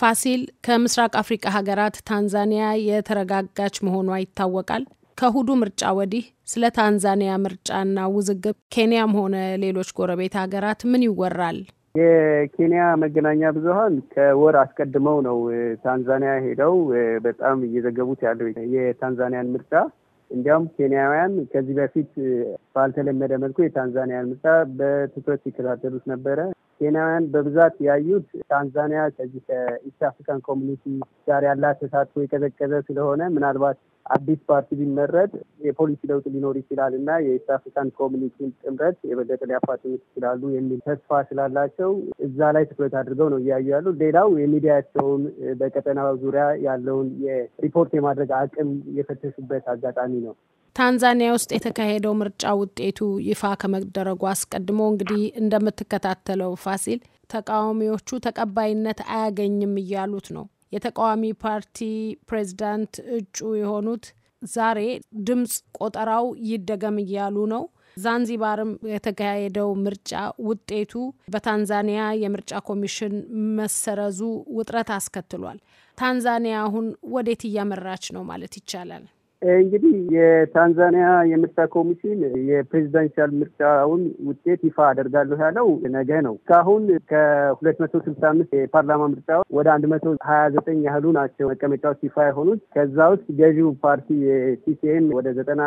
ፋሲል ከምስራቅ አፍሪቃ ሀገራት ታንዛኒያ የተረጋጋች መሆኗ ይታወቃል። ከእሁዱ ምርጫ ወዲህ ስለ ታንዛኒያ ምርጫና ውዝግብ ኬንያም ሆነ ሌሎች ጎረቤት ሀገራት ምን ይወራል? የኬንያ መገናኛ ብዙኃን ከወር አስቀድመው ነው ታንዛኒያ ሄደው በጣም እየዘገቡት ያለው የታንዛኒያን ምርጫ። እንዲያውም ኬንያውያን ከዚህ በፊት ባልተለመደ መልኩ የታንዛኒያን ምርጫ በትኩረት ሲከታተሉት ነበረ። ኬንያውያን በብዛት ያዩት ታንዛኒያ ከዚህ ከኢስት አፍሪካን ኮሚኒቲ ጋር ያላት ተሳትፎ የቀዘቀዘ ስለሆነ ምናልባት አዲስ ፓርቲ ቢመረጥ የፖሊሲ ለውጥ ሊኖር ይችላል እና የኢስት አፍሪካን ኮሚኒቲን ጥምረት የበለጠ ሊያፋጥኑት ይችላሉ የሚል ተስፋ ስላላቸው እዛ ላይ ትኩረት አድርገው ነው እያዩ ያሉ። ሌላው የሚዲያቸውን በቀጠናው ዙሪያ ያለውን የሪፖርት የማድረግ አቅም የፈተሹበት አጋጣሚ ነው። ታንዛኒያ ውስጥ የተካሄደው ምርጫ ውጤቱ ይፋ ከመደረጉ አስቀድሞ እንግዲህ እንደምትከታተለው ፋሲል ተቃዋሚዎቹ ተቀባይነት አያገኝም እያሉት ነው። የተቃዋሚ ፓርቲ ፕሬዚዳንት እጩ የሆኑት ዛሬ ድምፅ ቆጠራው ይደገም እያሉ ነው። ዛንዚባርም የተካሄደው ምርጫ ውጤቱ በታንዛኒያ የምርጫ ኮሚሽን መሰረዙ ውጥረት አስከትሏል። ታንዛኒያ አሁን ወዴት እያመራች ነው ማለት ይቻላል? እንግዲህ የታንዛኒያ የምርጫ ኮሚሽን የፕሬዚዳንሻል ምርጫውን ውጤት ይፋ አደርጋለሁ ያለው ነገ ነው። እስካሁን ከሁለት መቶ ስልሳ አምስት የፓርላማ ምርጫዎች ወደ አንድ መቶ ሀያ ዘጠኝ ያህሉ ናቸው መቀመጫዎች ይፋ የሆኑት። ከዛ ውስጥ ገዢው ፓርቲ የሲሲኤም ወደ ዘጠና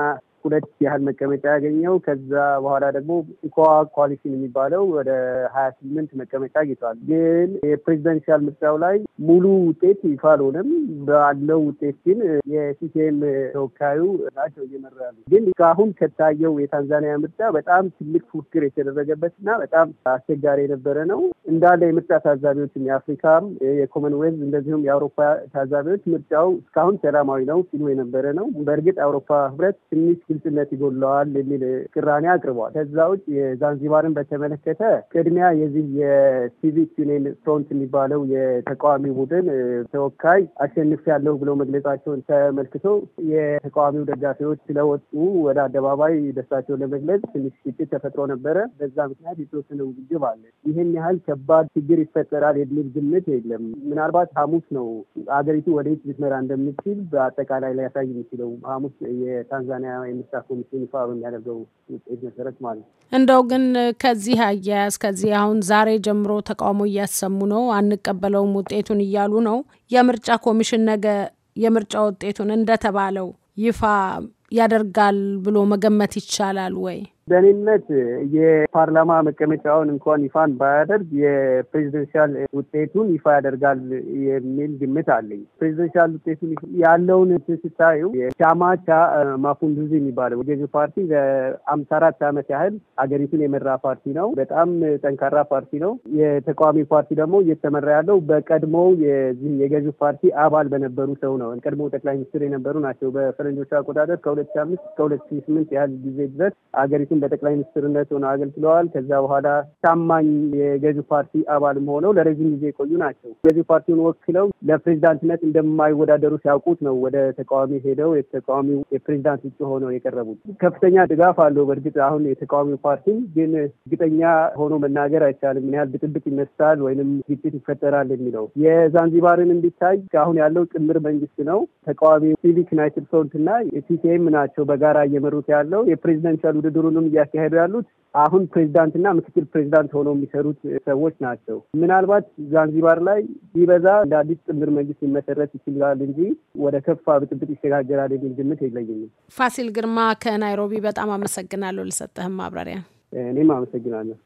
ሁለት ያህል መቀመጫ ያገኘው። ከዛ በኋላ ደግሞ ኢኮዋ ኳሊሽን የሚባለው ወደ ሀያ ስምንት መቀመጫ አግኝተዋል። ግን የፕሬዚደንሻል ምርጫው ላይ ሙሉ ውጤት ይፋ አልሆነም። ባለው ውጤት ግን የሲፒኤም ተወካዩ ናቸው እየመራ ያሉ። ግን እስካሁን ከታየው የታንዛኒያ ምርጫ በጣም ትልቅ ፉክክር የተደረገበት እና በጣም አስቸጋሪ የነበረ ነው። እንዳለ የምርጫ ታዛቢዎችም የአፍሪካም የኮመንዌልዝ እንደዚሁም የአውሮፓ ታዛቢዎች ምርጫው እስካሁን ሰላማዊ ነው ሲሉ የነበረ ነው። በእርግጥ አውሮፓ ህብረት ትንሽ ግልጽነት ይጎለዋል የሚል ቅራኔ አቅርበዋል። ከዛ ውጭ የዛንዚባርን በተመለከተ ቅድሚያ የዚህ የሲቪክ ዩኒየን ፍሮንት የሚባለው የተቃዋሚ ቡድን ተወካይ አሸንፍ ያለው ብሎ መግለጻቸውን ተመልክቶ የተቃዋሚው ደጋፊዎች ስለወጡ ወደ አደባባይ ደስታቸውን ለመግለጽ ትንሽ ግጭት ተፈጥሮ ነበረ። በዛ ምክንያት የተወሰነ ውዝግብ አለ። ይህን ያህል ከባድ ችግር ይፈጠራል የሚል ግምት የለም። ምናልባት ሐሙስ ነው አገሪቱ ወደ ልትመራ እንደምችል በአጠቃላይ ሊያሳይ የሚችለው ሐሙስ የታንዛኒያ ወይም ምርጫ ኮሚሽን ይፋ በሚያደርገው ውጤት መሰረት ማለት ነው። እንደው ግን ከዚህ አያያዝ ከዚህ አሁን ዛሬ ጀምሮ ተቃውሞ እያሰሙ ነው፣ አንቀበለውም ውጤቱን እያሉ ነው። የምርጫ ኮሚሽን ነገ የምርጫ ውጤቱን እንደተባለው ይፋ ያደርጋል ብሎ መገመት ይቻላል ወይ? ደህንነት የፓርላማ መቀመጫውን እንኳን ይፋን ባያደርግ የፕሬዚደንሻል ውጤቱን ይፋ ያደርጋል የሚል ግምት አለኝ። ፕሬዚደንሻል ውጤቱን ያለውን ስታዩ የሻማቻ ማፉንዱዚ የሚባለው ገዢ ፓርቲ በአምሳ አራት ዓመት ያህል አገሪቱን የመራ ፓርቲ ነው። በጣም ጠንካራ ፓርቲ ነው። የተቃዋሚ ፓርቲ ደግሞ እየተመራ ያለው በቀድሞው የገዢ ፓርቲ አባል በነበሩ ሰው ነው። ቀድሞ ጠቅላይ ሚኒስትር የነበሩ ናቸው። በፈረንጆች አቆጣጠር ከሁለት ሺህ አምስት ከሁለት ሺ ስምንት ያህል ጊዜ ድረስ አገሪቱ ዓመታትን በጠቅላይ ሚኒስትርነት ሆነው አገልግለዋል። ከዛ በኋላ ታማኝ የገዢ ፓርቲ አባልም ሆነው ለረዥም ጊዜ የቆዩ ናቸው። ገዢ ፓርቲውን ወክለው ለፕሬዚዳንትነት እንደማይወዳደሩ ሲያውቁት ነው ወደ ተቃዋሚ ሄደው የተቃዋሚው የፕሬዚዳንት እጩ ሆነው የቀረቡት። ከፍተኛ ድጋፍ አለው። በእርግጥ አሁን የተቃዋሚው ፓርቲም ግን እርግጠኛ ሆኖ መናገር አይቻልም ምን ያህል ብጥብጥ ይነሳል ወይንም ግጭት ይፈጠራል የሚለው የዛንዚባርን እንዲታይ አሁን ያለው ጥምር መንግስት ነው። ተቃዋሚ ሲቪክ ናይትድ ፍሮንት እና ሲፒኤም ናቸው በጋራ እየመሩት ያለው የፕሬዚደንሻል ውድድሩን ስራቸውን እያካሄዱ ያሉት አሁን ፕሬዚዳንትና ምክትል ፕሬዚዳንት ሆነው የሚሰሩት ሰዎች ናቸው። ምናልባት ዛንዚባር ላይ ቢበዛ እንደ አዲስ ጥምር መንግስት ሊመሰረት ይችላል እንጂ ወደ ከፋ ብጥብጥ ይሸጋገራል የሚል ግምት የለኝም። ፋሲል ግርማ ከናይሮቢ በጣም አመሰግናለሁ። ልሰጠህም ማብራሪያ እኔም አመሰግናለሁ።